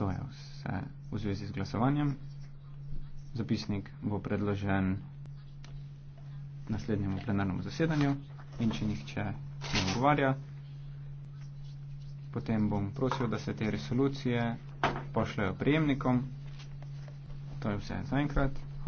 to je vse v zvezi z glasovanjem. Zapisnik bo predložen naslednjemu plenarnemu zasedanju in če nihče ne odgovarja, potem bom prosil, da se te resolucije pošljajo prijemnikom. To je vse zaenkrat.